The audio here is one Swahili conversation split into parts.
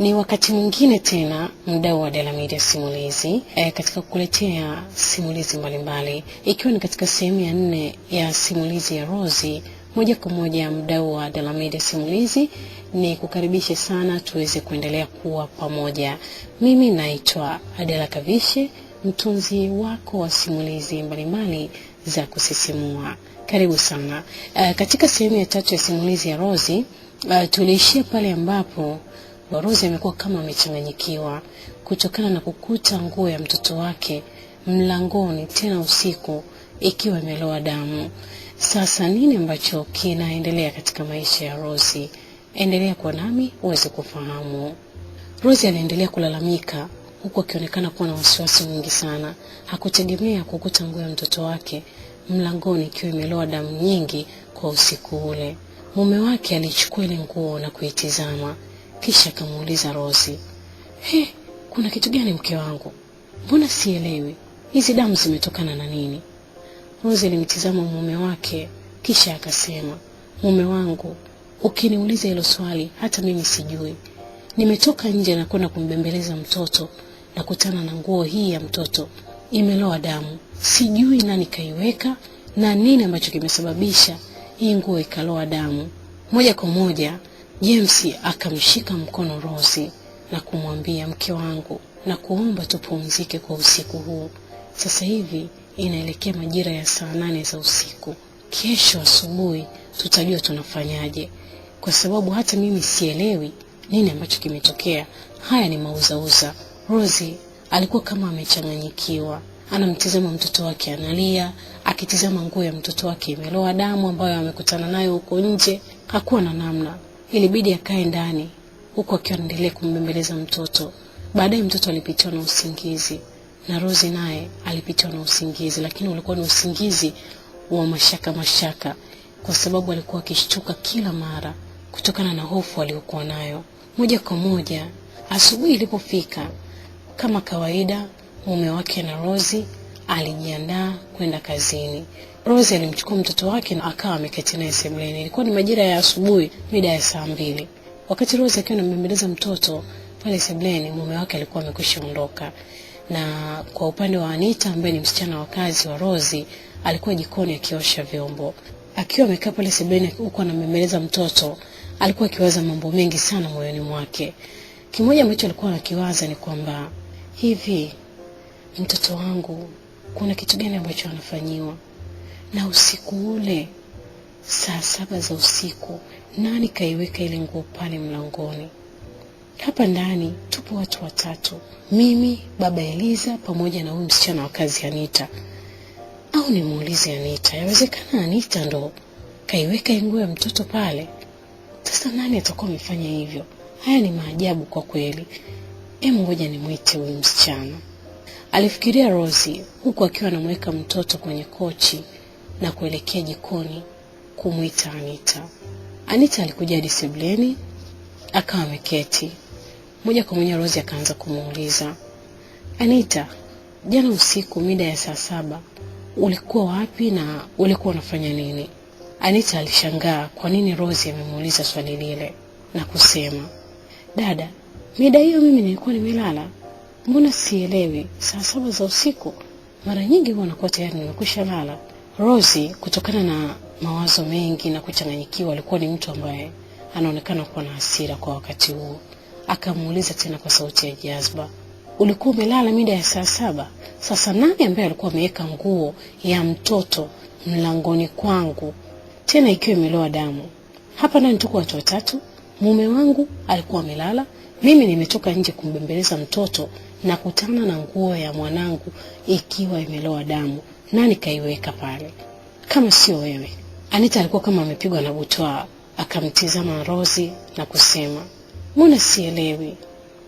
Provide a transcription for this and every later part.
Ni wakati mwingine tena, mdau wa Dela Media Simulizi e, katika kukuletea simulizi mbalimbali, ikiwa ni katika sehemu ya nne ya simulizi ya Rozi. Moja kwa moja, mdau wa Dela Media Simulizi, ni kukaribishe sana tuweze kuendelea kuwa pamoja. Mimi naitwa Adela Kavishe, mtunzi wako wa simulizi mbalimbali za kusisimua. Karibu sana e, katika sehemu ya tatu ya simulizi ya Rozi e, eh, tuliishia pale ambapo Barozi amekuwa kama amechanganyikiwa kutokana na kukuta nguo ya mtoto wake mlangoni, tena usiku, ikiwa imelowa damu. Sasa nini ambacho kinaendelea katika maisha ya Rosi? Endelea kuwa nami uweze kufahamu. Rosi anaendelea kulalamika huku akionekana kuwa na wasiwasi mwingi sana. Hakutegemea kukuta nguo ya mtoto wake mlangoni ikiwa imelowa damu nyingi kwa usiku ule. Mume wake alichukua ile nguo na kuitizama kisha akamuuliza Rosi, he, kuna kitu gani mke wangu? Mbona sielewi, hizi damu zimetokana na nini? Rosi alimtizama mume wake kisha akasema, mume wangu, ukiniuliza hilo swali hata mimi sijui. Nimetoka nje na kwenda kumbembeleza mtoto na kutana na nguo hii ya mtoto imeloa damu, sijui nani kaiweka na nini ambacho kimesababisha hii nguo ikaloa damu. Moja kwa moja James akamshika mkono Rose na kumwambia, mke wangu, na kuomba tupumzike kwa usiku huu. Sasa hivi inaelekea majira ya saa nane za usiku. Kesho asubuhi tutajua tunafanyaje, kwa sababu hata mimi sielewi nini ambacho kimetokea. Haya ni mauzauza. Rose alikuwa kama amechanganyikiwa, anamtizama mtoto wake analia, akitizama nguo ya mtoto wake imeloa damu ambayo amekutana nayo huko nje. Hakuwa na namna. Ilibidi akae ndani huku akiwa anaendelea kumbembeleza mtoto. Baadaye mtoto alipitiwa na usingizi na Rose naye alipitiwa na usingizi, lakini ulikuwa ni usingizi wa mashaka mashaka, kwa sababu alikuwa akishtuka kila mara kutokana na hofu aliyokuwa nayo. Moja kwa moja asubuhi ilipofika, kama kawaida, mume wake na Rose alijiandaa kwenda kazini. Rose alimchukua mtoto wake na akawa ameketi naye sebuleni. Ilikuwa ni majira ya asubuhi, mida ya saa mbili. Wakati Rose akiwa anambembeleza mtoto pale sebuleni, mume wake alikuwa amekwisha ondoka, na kwa upande wa Anita ambaye ni msichana wa kazi wa Rose alikuwa jikoni akiosha vyombo. Akiwa amekaa pale sebuleni huko anambembeleza mtoto, alikuwa akiwaza mambo mengi sana moyoni mwake. Kimoja ambacho alikuwa anakiwaza ni kwamba hivi mtoto wangu kuna kitu gani ambacho anafanyiwa. Na usiku ule saa saba za usiku, nani kaiweka ile nguo pale mlangoni? Hapa ndani tupo watu watatu, mimi, baba Eliza pamoja na huyu msichana wa kazi Anita. Au nimuulize Anita, yawezekana Anita ndo kaiweka nguo ya mtoto pale? Sasa nani atakuwa amefanya hivyo? Haya ni maajabu kwa kweli. Hebu ngoja nimwite huyu msichana alifikiria rosi huku akiwa anamweka mtoto kwenye kochi na kuelekea jikoni kumwita Anita. Anita alikuja hadi akawa ameketi moja kwa moja. Rosi akaanza kumuuliza Anita, jana usiku mida ya saa saba ulikuwa wapi na ulikuwa unafanya nini? Anita alishangaa kwa nini Rosi amemuuliza swali lile na kusema, dada, mida hiyo mimi nilikuwa nimelala. Mbona sielewi? Saa saba za usiku mara nyingi huwa nakuwa tayari nimekwisha lala. Rosie kutokana na mawazo mengi na kuchanganyikiwa, alikuwa ni mtu ambaye anaonekana kuwa na hasira kwa wakati huo. Akamuuliza tena kwa sauti ya jazba, ulikuwa umelala mida ya saa saba? Sasa nani ambaye alikuwa ameweka nguo ya mtoto mlangoni kwangu tena ikiwa imeloa damu? Hapa ndani tuko watu watatu, mume wangu alikuwa amelala, mimi nimetoka nje kumbembeleza mtoto na kutana na nguo ya mwanangu ikiwa imeloa damu. Nani kaiweka pale kama sio wewe? Anita alikuwa kama amepigwa na butwaa, akamtizama Rozi na kusema, mbona sielewi,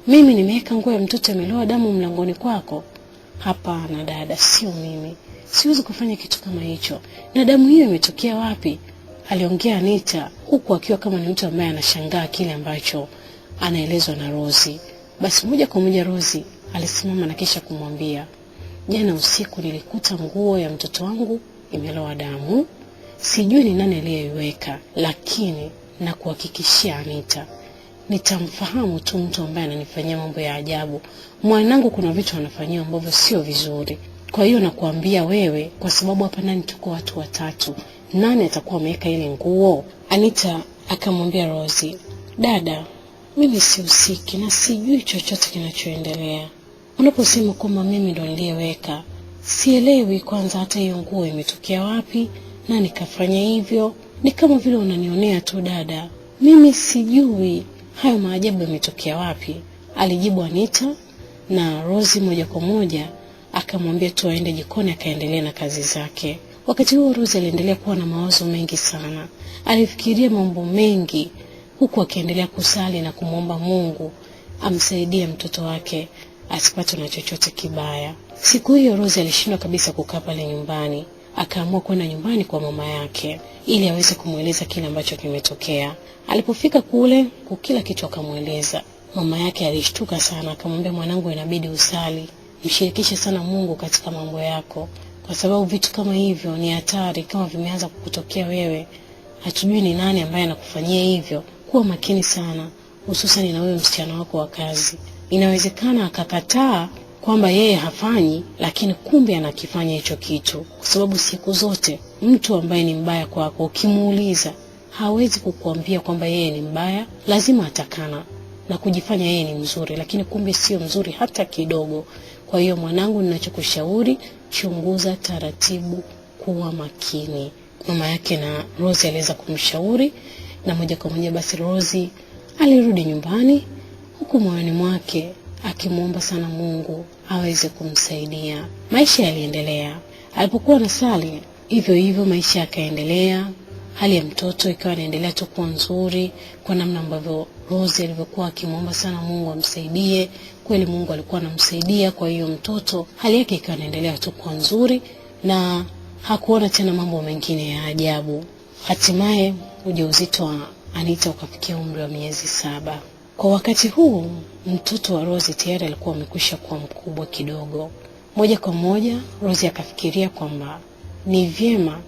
mimi nimeweka nguo ya mtoto imeloa damu mlangoni kwako? Hapana dada, sio mimi, siwezi kufanya kitu kama hicho. Na damu hiyo imetokea wapi? Aliongea Anita huku akiwa kama ni mtu ambaye anashangaa kile ambacho anaelezwa na Rozi. Basi moja kwa moja Rozi alisimama na kisha kumwambia, jana usiku nilikuta nguo ya mtoto wangu imelowa damu, sijui ni nani aliyeiweka, lakini na kuhakikishia Anita, nitamfahamu tu mtu ambaye ananifanyia mambo ya ajabu. Mwanangu kuna vitu anafanyia ambavyo sio vizuri, kwa hiyo nakuambia wewe, kwa sababu hapa ndani tuko watu watatu, nani atakuwa ameweka ile nguo? Anita akamwambia Rozi, dada mimi usiki na sijui chochote kinachoendelea. Unaposema kwamba mimi ndo niliyeweka, sielewi kwanza hata hiyo nguo imetokea wapi na nikafanya hivyo. Ni kama vile unanionea tu dada, mimi sijui hayo maajabu yametokea wapi, alijibu Anita, na Rosi moja kwa moja akamwambia tu aende jikoni akaendelea na kazi zake. Wakati huo Rosi aliendelea kuwa na mawazo mengi sana, alifikiria mambo mengi huku akiendelea kusali na kumwomba Mungu amsaidie mtoto wake asipatwe na chochote kibaya. Siku hiyo Rose alishindwa kabisa kukaa pale nyumbani, akaamua kwenda nyumbani kwa mama yake ili aweze kumweleza kile ambacho kimetokea. Alipofika kule, kwa kila kitu akamweleza. Mama yake alishtuka sana, akamwambia, mwanangu, inabidi usali, mshirikishe sana Mungu katika mambo yako, kwa sababu vitu kama hivyo ni hatari. Kama vimeanza kukutokea wewe, hatujui ni nani ambaye anakufanyia hivyo kuwa makini sana, hususani na wewe msichana wako wa kazi. Inawezekana akakataa kwamba yeye hafanyi, lakini kumbe anakifanya hicho kitu, kwa sababu siku zote mtu ambaye ni mbaya kwako ukimuuliza, hawezi kukuambia kwamba yeye ni mbaya, lazima atakana na kujifanya yeye ni mzuri, lakini kumbe sio mzuri hata kidogo. Kwa hiyo mwanangu, ninachokushauri chunguza taratibu, kuwa makini. Mama yake na Rose aliweza kumshauri na moja kwa moja basi Rozi alirudi nyumbani, huku moyoni mwake akimwomba sana Mungu aweze kumsaidia. Maisha yaliendelea. Alipokuwa na sali hivyo hivyo, maisha yakaendelea. Hali ya mtoto ikawa inaendelea tu kuwa nzuri, kwa namna ambavyo Rozi alivyokuwa akimwomba sana Mungu amsaidie. Kweli Mungu alikuwa anamsaidia. Kwa hiyo mtoto hali yake ikawa inaendelea tu kuwa nzuri na hakuona tena mambo mengine ya ajabu. Hatimaye ujauzito wa Anita ukafikia umri wa miezi saba. Kwa wakati huu mtoto wa Rose tayari alikuwa amekwisha kuwa mkubwa kidogo. Moja kwa moja Rose akafikiria kwamba ni vyema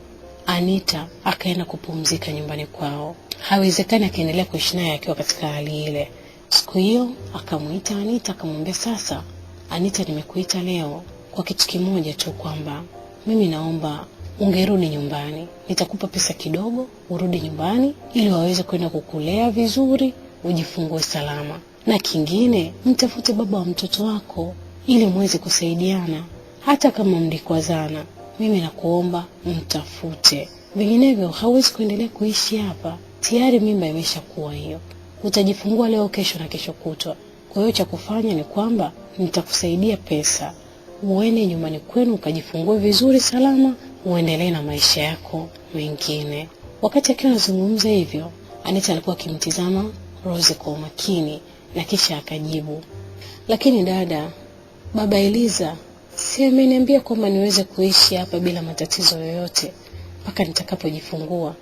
Anita akaenda kupumzika nyumbani kwao, hawezekani akaendelea kuishi naye akiwa katika hali ile. Siku hiyo akamwita Anita akamwambia, sasa Anita, nimekuita leo kwa kitu kimoja tu, kwamba mimi naomba ungerudi nyumbani, nitakupa pesa kidogo urudi nyumbani ili waweze kwenda kukulea vizuri, ujifungue salama. Na kingine, mtafute baba wa mtoto wako ili mweze kusaidiana, hata kama mlikwazana, mimi nakuomba mtafute, vinginevyo hauwezi kuendelea kuishi hapa. Tayari mimba imeshakuwa hiyo, utajifungua leo, kesho na kesho kutwa. Kwa hiyo cha kufanya ni kwamba nitakusaidia pesa, uende nyumbani kwenu ukajifungue vizuri salama uendelee na maisha yako mengine. Wakati akiwa anazungumza hivyo, Anita alikuwa akimtizama Rose kwa umakini na kisha akajibu, lakini dada, baba Eliza si ameniambia kwamba niweze kuishi hapa bila matatizo yoyote mpaka nitakapojifungua,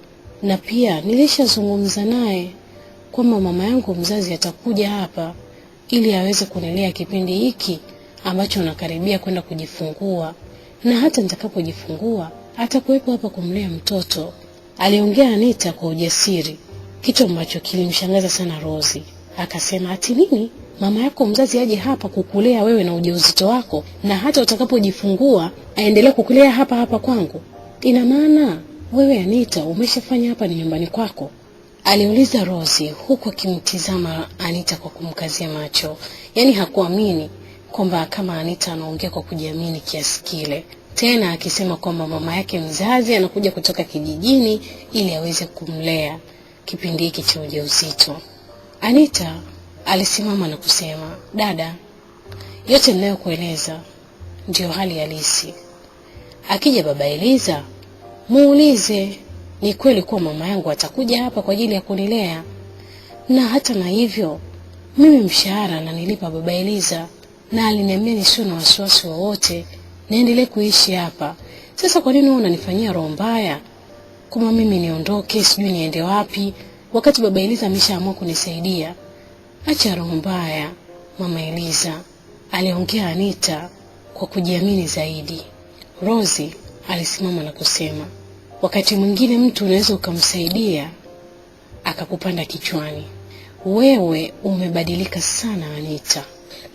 na pia nilishazungumza naye kwamba mama yangu mzazi atakuja hapa ili aweze kunilea kipindi hiki ambacho unakaribia kwenda kujifungua na hata nitakapojifungua atakuwepo hapa kumlea mtoto, aliongea Anita kwa ujasiri, kitu ambacho kilimshangaza sana Rozi. Akasema, ati nini mama yako mzazi aje hapa kukulea wewe na ujauzito wako, na hata utakapojifungua aendelea kukulea hapa hapa kwangu? Ina maana wewe Anita umeshafanya hapa ni nyumbani kwako? aliuliza Rozi, huku akimtizama Anita kwa kumkazia macho, yaani hakuamini kwamba kama Anita anaongea kwa kujiamini kiasi kile, tena akisema kwamba mama yake mzazi anakuja kutoka kijijini ili aweze kumlea kipindi hiki cha ujauzito. Anita alisimama na kusema, dada, yote ninayokueleza ndiyo hali halisi. Akija baba Eliza muulize, ni kweli kuwa mama yangu atakuja hapa kwa ajili ya kunilea, na hata na hivyo mimi mshahara na nilipa baba Eliza na aliniambia nisiwe na wasiwasi wowote, niendelee kuishi hapa. Sasa kwa nini unanifanyia roho mbaya? Kama mimi niondoke, sijui niende wapi, wakati baba Eliza ameshaamua kunisaidia. Acha roho mbaya, mama Eliza, aliongea Anita kwa kujiamini zaidi. Rozi alisimama na kusema, wakati mwingine mtu unaweza ukamsaidia akakupanda kichwani. Wewe umebadilika sana Anita.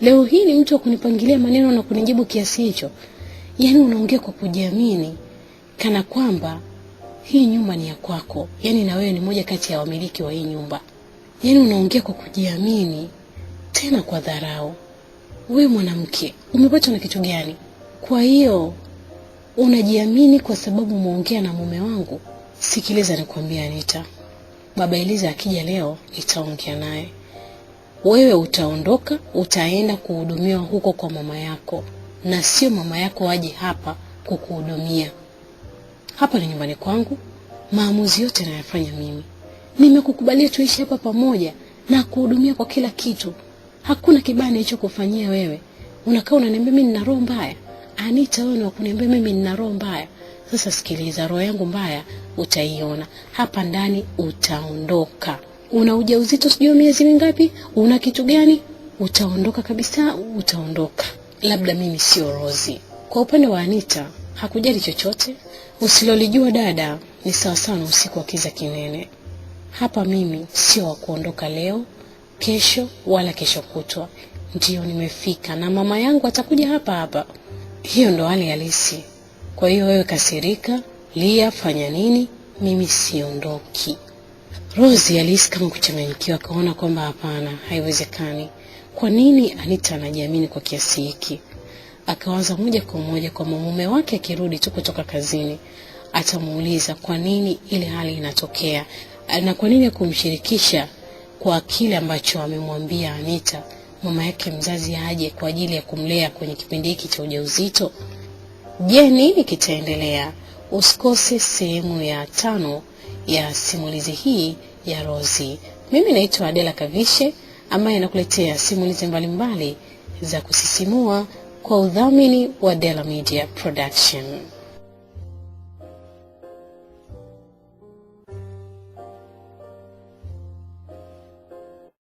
Leo hii ni mtu akunipangilia maneno na kunijibu kiasi hicho, yaani unaongea kwa kujiamini, kana kwamba hii nyumba ni ya kwako, yaani na wewe ni moja kati ya wamiliki wa hii nyumba. Yaani unaongea kwa kujiamini tena kwa dharau. We mwanamke, umepatwa na kitu gani? Kwa hiyo unajiamini kwa sababu umeongea na mume wangu? Sikiliza nikwambia, Anita, baba Eliza akija leo nitaongea naye wewe utaondoka utaenda kuhudumiwa huko kwa mama yako, na sio mama yako aje hapa kukuhudumia. Hapa ni nyumbani kwangu, maamuzi yote nayafanya mimi. Nimekukubalia tuishi hapa pamoja na kuhudumia kwa kila kitu, hakuna kibaya nilichokufanyia wewe. Unakaa unaniambia mimi nina roho mbaya, Anita, wewe na kuniambia mimi nina roho mbaya. Sasa sikiliza, roho yangu mbaya utaiona hapa ndani, utaondoka una ujauzito sijui miezi mingapi, una kitu gani, utaondoka kabisa, utaondoka. Labda mimi sio Rozi. Kwa upande wa Anita hakujali chochote. Usilolijua dada ni sawa na usiku wa kiza kinene. Hapa mimi sio wa kuondoka leo, kesho wala kesho kutwa. Ndiyo nimefika na mama yangu atakuja hapa hapa. Hiyo ndo hali halisi. Kwa hiyo wewe kasirika, lia, fanya nini, mimi siondoki. Rose alihisi kama kuchanganyikiwa, akaona kwamba hapana, haiwezekani. Kwa nini Anita anajiamini kwa kiasi hiki? Akawaza moja kwa moja kwamba mume wake akirudi tu kutoka kazini atamuuliza kwa nini ile hali inatokea na kwa nini kumshirikisha kwa kile ambacho amemwambia Anita mama yake mzazi aje kwa ajili ya kumlea kwenye kipindi hiki cha ujauzito. Je, nini kitaendelea? Usikose sehemu ya tano ya simulizi hii ya Rozi. Mimi naitwa Adela Kavishe ambaye nakuletea simulizi mbalimbali mbali za kusisimua kwa udhamini wa Dela Media Production.